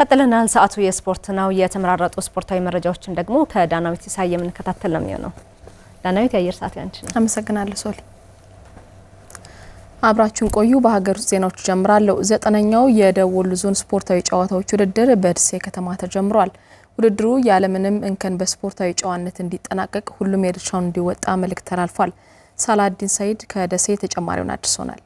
ቀጥለናል። ሰዓቱ የስፖርት ነው። የተመራረጡ ስፖርታዊ መረጃዎችን ደግሞ ከዳናዊት ሲሳይ የምንከታተል ነው የሚሆነው። ዳናዊት፣ የአየር ሰዓት ያንቺ ነው። አመሰግናለሁ ሶሊ። አብራችን ቆዩ። በሀገር ውስጥ ዜናዎች ጀምራለሁ። ዘጠነኛው የደቡብ ወሎ ዞን ስፖርታዊ ጨዋታዎች ውድድር በደሴ ከተማ ተጀምሯል። ውድድሩ ያለምንም እንከን በስፖርታዊ ጨዋነት እንዲጠናቀቅ ሁሉም የድርሻውን እንዲወጣ መልእክት ተላልፏል። ሳላዲን ሰይድ ከደሴ ተጨማሪውን አድርሶናል።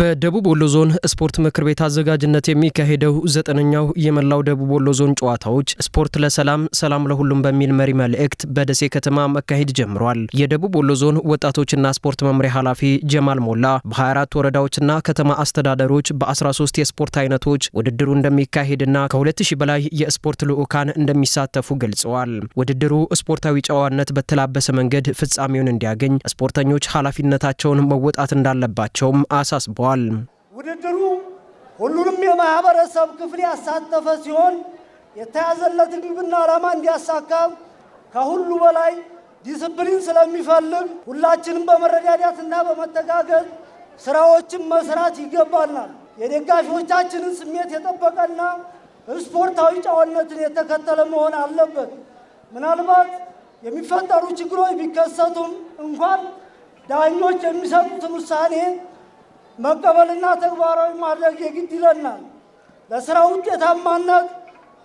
በደቡብ ወሎ ዞን ስፖርት ምክር ቤት አዘጋጅነት የሚካሄደው ዘጠነኛው የመላው ደቡብ ወሎ ዞን ጨዋታዎች ስፖርት ለሰላም ሰላም ለሁሉም በሚል መሪ መልእክት በደሴ ከተማ መካሄድ ጀምሯል። የደቡብ ወሎ ዞን ወጣቶችና ስፖርት መምሪያ ኃላፊ ጀማል ሞላ በ24 ወረዳዎችና ከተማ አስተዳደሮች በ13 የስፖርት አይነቶች ውድድሩ እንደሚካሄድና ከ2000 በላይ የስፖርት ልዑካን እንደሚሳተፉ ገልጸዋል። ውድድሩ ስፖርታዊ ጨዋነት በተላበሰ መንገድ ፍጻሜውን እንዲያገኝ ስፖርተኞች ኃላፊነታቸውን መወጣት እንዳለባቸውም አሳስቧል። አስታውቀዋል። ውድድሩ ሁሉንም የማህበረሰብ ክፍል ያሳተፈ ሲሆን የተያዘለትን ግብና ዓላማ እንዲያሳካብ ከሁሉ በላይ ዲስፕሊን ስለሚፈልግ ሁላችንም በመረዳዳት እና በመተጋገዝ ስራዎችን መስራት ይገባናል። የደጋፊዎቻችንን ስሜት የጠበቀና ስፖርታዊ ጨዋነትን የተከተለ መሆን አለበት። ምናልባት የሚፈጠሩ ችግሮች ቢከሰቱም እንኳን ዳኞች የሚሰጡትን ውሳኔ መቀበልና ተግባራዊ ማድረግ የግድ ይለናል። ለስራ ውጤታማነት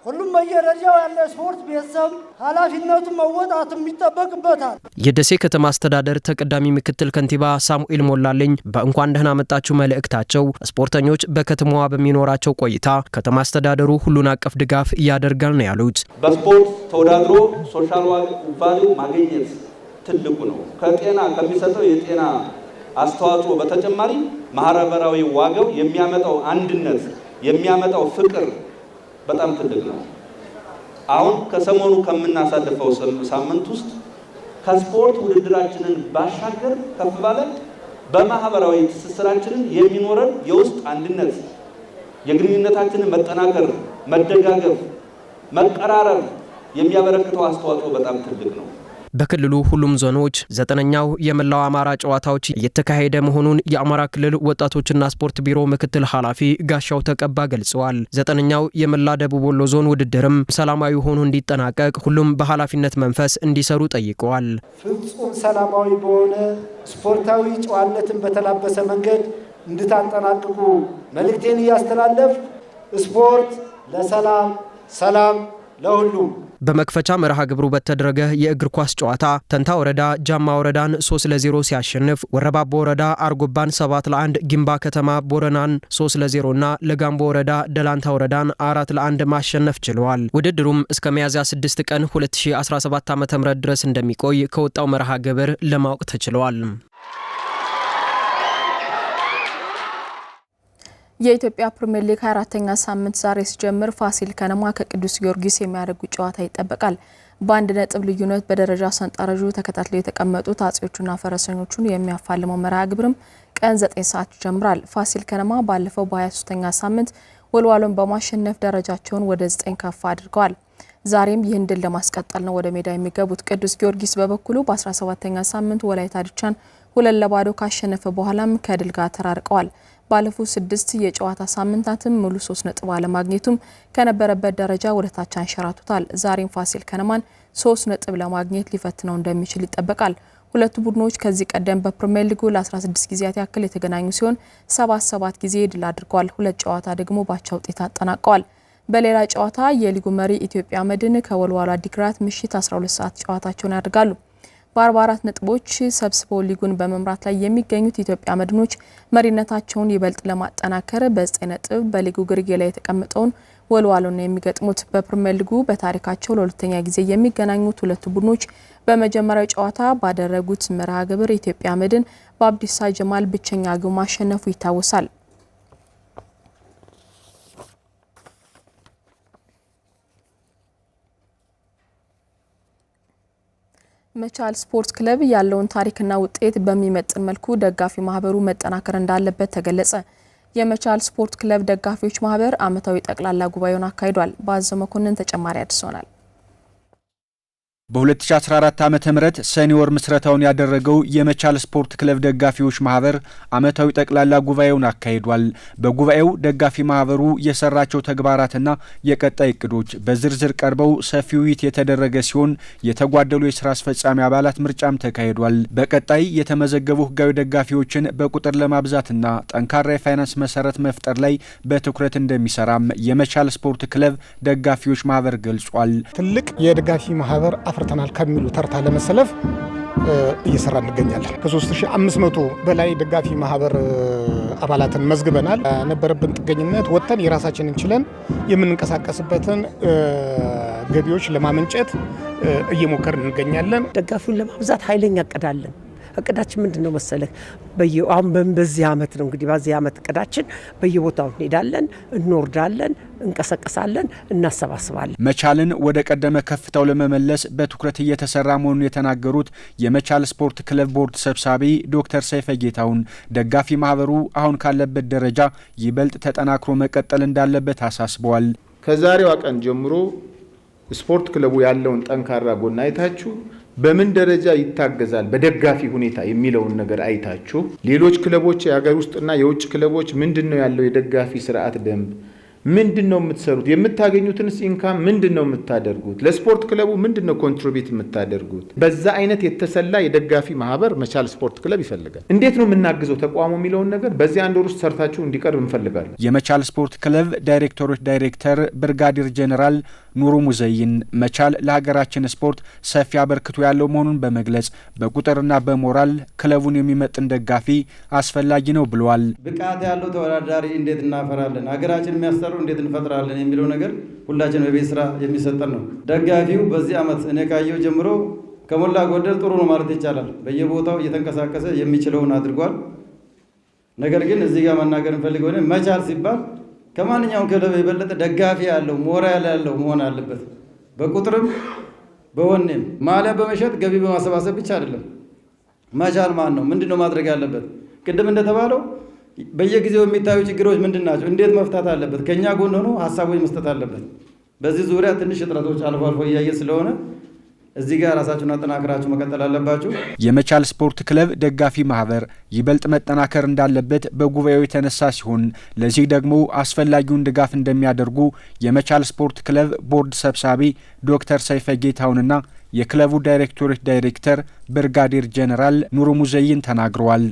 ሁሉም በየደረጃው ያለ ስፖርት ቤተሰብ ኃላፊነቱን መወጣትም ይጠበቅበታል። የደሴ ከተማ አስተዳደር ተቀዳሚ ምክትል ከንቲባ ሳሙኤል ሞላለኝ በእንኳን ደህና መጣችሁ መልእክታቸው ስፖርተኞች በከተማዋ በሚኖራቸው ቆይታ ከተማ አስተዳደሩ ሁሉን አቀፍ ድጋፍ እያደርጋል ነው ያሉት። በስፖርት ተወዳድሮ ሶሻል ቫሊዩ ማግኘት ትልቁ ነው። ከጤና ከሚሰጠው የጤና አስተዋጽኦ በተጨማሪ ማህበራዊ ዋጋው የሚያመጣው አንድነት የሚያመጣው ፍቅር በጣም ትልቅ ነው። አሁን ከሰሞኑ ከምናሳልፈው ሳምንት ውስጥ ከስፖርት ውድድራችንን ባሻገር ከፍ ባለ በማህበራዊ ትስስራችንን የሚኖረን የውስጥ አንድነት፣ የግንኙነታችንን መጠናከር፣ መደጋገፍ፣ መቀራረብ የሚያበረክተው አስተዋጽኦ በጣም ትልቅ ነው። በክልሉ ሁሉም ዞኖች ዘጠነኛው የመላው አማራ ጨዋታዎች እየተካሄደ መሆኑን የአማራ ክልል ወጣቶችና ስፖርት ቢሮ ምክትል ኃላፊ ጋሻው ተቀባ ገልጸዋል። ዘጠነኛው የመላ ደቡብ ወሎ ዞን ውድድርም ሰላማዊ ሆኖ እንዲጠናቀቅ ሁሉም በኃላፊነት መንፈስ እንዲሰሩ ጠይቀዋል። ፍጹም ሰላማዊ በሆነ ስፖርታዊ ጨዋነትን በተላበሰ መንገድ እንድታጠናቅቁ መልእክቴን እያስተላለፍ ስፖርት ለሰላም ሰላም ለሁሉም በመክፈቻ መርሃ ግብሩ በተደረገ የእግር ኳስ ጨዋታ ተንታ ወረዳ ጃማ ወረዳን 3 ለ0 ሲያሸንፍ ወረባቦ ወረዳ አርጎባን 7 ለ1፣ ጊምባ ከተማ ቦረናን 3 ለ0 እና ለጋምቦ ወረዳ ደላንታ ወረዳን 4 ለ1 ማሸነፍ ችለዋል። ውድድሩም እስከ ሚያዝያ 6 ቀን 2017 ዓ ም ድረስ እንደሚቆይ ከወጣው መርሃ ግብር ለማወቅ ተችለዋል። የኢትዮጵያ ፕሪምየር ሊግ 24ተኛ ሳምንት ዛሬ ሲጀምር ፋሲል ከነማ ከቅዱስ ጊዮርጊስ የሚያደርጉ ጨዋታ ይጠበቃል። በአንድ ነጥብ ልዩነት በደረጃ ሰንጠረዡ ተከታትለው የተቀመጡት አጼዎቹና ፈረሰኞቹን የሚያፋልመው መርሃ ግብርም ቀን 9 ሰዓት ይጀምራል። ፋሲል ከነማ ባለፈው በ23ተኛ ሳምንት ወልዋሎን በማሸነፍ ደረጃቸውን ወደ 9 ከፍ አድርገዋል። ዛሬም ይህን ድል ለማስቀጠል ነው ወደ ሜዳ የሚገቡት። ቅዱስ ጊዮርጊስ በበኩሉ በ17ተኛ ሳምንት ወላይታ ድቻን ሁለት ለባዶ ካሸነፈ በኋላም ከድል ጋር ተራርቀዋል። ባለፉት ስድስት የጨዋታ ሳምንታትም ሙሉ ሶስት ነጥብ አለማግኘቱም ከነበረበት ደረጃ ወደታች አንሸራቱታል። ዛሬም ፋሲል ከነማን ሶስት ነጥብ ለማግኘት ሊፈትነው እንደሚችል ይጠበቃል። ሁለቱ ቡድኖች ከዚህ ቀደም በፕሪሚየር ሊጉ ለ16 ጊዜያት ያክል የተገናኙ ሲሆን ሰባት ሰባት ጊዜ ድል አድርገዋል። ሁለት ጨዋታ ደግሞ ባቻ ውጤት አጠናቀዋል። በሌላ ጨዋታ የሊጉ መሪ ኢትዮጵያ መድን ከወልዋሎ አዲግራት ምሽት 12 ሰዓት ጨዋታቸውን ያደርጋሉ። በ44 ነጥቦች ሰብስቦ ሊጉን በመምራት ላይ የሚገኙት የኢትዮጵያ መድኖች መሪነታቸውን ይበልጥ ለማጠናከር በ9 ነጥብ በሊጉ ግርጌ ላይ የተቀመጠውን ወልዋሎና የሚገጥሙት በፕሪሚየር ሊጉ በታሪካቸው ለሁለተኛ ጊዜ የሚገናኙት ሁለቱ ቡድኖች በመጀመሪያው ጨዋታ ባደረጉት መርሃ ግብር ኢትዮጵያ መድን በአብዲሳ ጀማል ብቸኛ ግብ ማሸነፉ ይታወሳል። መቻል ስፖርት ክለብ ያለውን ታሪክና ውጤት በሚመጥን መልኩ ደጋፊ ማህበሩ መጠናከር እንዳለበት ተገለጸ። የመቻል ስፖርት ክለብ ደጋፊዎች ማህበር ዓመታዊ ጠቅላላ ጉባኤውን አካሂዷል። በአዘው መኮንን ተጨማሪ አድርሶናል። በ2014 ዓ ም ሰኔ ወር ምስረታውን ያደረገው የመቻል ስፖርት ክለብ ደጋፊዎች ማህበር ዓመታዊ ጠቅላላ ጉባኤውን አካሂዷል። በጉባኤው ደጋፊ ማህበሩ የሰራቸው ተግባራትና የቀጣይ እቅዶች በዝርዝር ቀርበው ሰፊ ውይይት የተደረገ ሲሆን የተጓደሉ የስራ አስፈጻሚ አባላት ምርጫም ተካሂዷል። በቀጣይ የተመዘገቡ ህጋዊ ደጋፊዎችን በቁጥር ለማብዛትና ጠንካራ የፋይናንስ መሰረት መፍጠር ላይ በትኩረት እንደሚሰራም የመቻል ስፖርት ክለብ ደጋፊዎች ማህበር ገልጿል። ትልቅ የደጋፊ ማህበር አፍርተናል ከሚሉ ተርታ ለመሰለፍ እየሰራ እንገኛለን። ከ3500 በላይ ደጋፊ ማህበር አባላትን መዝግበናል። ነበረብን ጥገኝነት ወጥተን የራሳችንን ችለን የምንንቀሳቀስበትን ገቢዎች ለማመንጨት እየሞከርን እንገኛለን። ደጋፊውን ለማብዛት ኃይለኛ እቅዳለን። እቅዳችን ምንድን ነው መሰለህ? አሁን በዚህ አመት ነው እንግዲህ በዚህ ዓመት እቅዳችን በየቦታው እንሄዳለን፣ እንወርዳለን፣ እንቀሰቀሳለን፣ እናሰባስባለን። መቻልን ወደ ቀደመ ከፍታው ለመመለስ በትኩረት እየተሰራ መሆኑን የተናገሩት የመቻል ስፖርት ክለብ ቦርድ ሰብሳቢ ዶክተር ሰይፈ ጌታሁን ደጋፊ ማህበሩ አሁን ካለበት ደረጃ ይበልጥ ተጠናክሮ መቀጠል እንዳለበት አሳስበዋል። ከዛሬዋ ቀን ጀምሮ ስፖርት ክለቡ ያለውን ጠንካራ ጎን አይታችሁ በምን ደረጃ ይታገዛል በደጋፊ ሁኔታ የሚለውን ነገር አይታችሁ ሌሎች ክለቦች የሀገር ውስጥና የውጭ ክለቦች ምንድን ነው ያለው የደጋፊ ስርዓት ደንብ ምንድን ነው የምትሰሩት? የምታገኙትንስ ኢንካም ምንድን ነው የምታደርጉት? ለስፖርት ክለቡ ምንድን ነው ኮንትሪቢዩት የምታደርጉት? በዛ አይነት የተሰላ የደጋፊ ማህበር መቻል ስፖርት ክለብ ይፈልጋል። እንዴት ነው የምናግዘው ተቋሙ የሚለውን ነገር በዚህ አንድ ወር ውስጥ ሰርታችሁ እንዲቀርብ እንፈልጋለን። የመቻል ስፖርት ክለብ ዳይሬክተሮች ዳይሬክተር ብርጋዴር ጄኔራል ኑሩ ሙዘይን መቻል ለሀገራችን ስፖርት ሰፊ አበርክቶ ያለው መሆኑን በመግለጽ በቁጥርና በሞራል ክለቡን የሚመጥን ደጋፊ አስፈላጊ ነው ብለዋል። ብቃት ያለው ተወዳዳሪ እንዴት እናፈራለን፣ ሀገራችን የሚያሰሩ እንዴት እንፈጥራለን የሚለው ነገር ሁላችን በቤት ስራ የሚሰጠን ነው። ደጋፊው በዚህ ዓመት እኔ ካየው ጀምሮ ከሞላ ጎደል ጥሩ ነው ማለት ይቻላል። በየቦታው እየተንቀሳቀሰ የሚችለውን አድርጓል። ነገር ግን እዚህ ጋር መናገር እንፈልግ ሆነ መቻል ሲባል ከማንኛውም ክለብ የበለጠ ደጋፊ ያለው ሞራል ያለው መሆን አለበት። በቁጥርም በወኔም ማሊያ በመሸጥ ገቢ በማሰባሰብ ብቻ አይደለም። መቻል ማን ነው? ምንድን ነው ማድረግ ያለበት? ቅድም እንደተባለው በየጊዜው የሚታዩ ችግሮች ምንድን ናቸው? እንዴት መፍታት አለበት? ከእኛ ጎን ሆኖ ሀሳቦች መስጠት አለበት። በዚህ ዙሪያ ትንሽ እጥረቶች አልፎ አልፎ እያየ ስለሆነ እዚህ ጋር ራሳችሁን አጠናክራችሁ መቀጠል አለባችሁ። የመቻል ስፖርት ክለብ ደጋፊ ማህበር ይበልጥ መጠናከር እንዳለበት በጉባኤው የተነሳ ሲሆን ለዚህ ደግሞ አስፈላጊውን ድጋፍ እንደሚያደርጉ የመቻል ስፖርት ክለብ ቦርድ ሰብሳቢ ዶክተር ሰይፈ ጌታውንና የክለቡ ዳይሬክቶሬት ዳይሬክተር ብርጋዴር ጄኔራል ኑሩ ሙዘይን ተናግረዋል።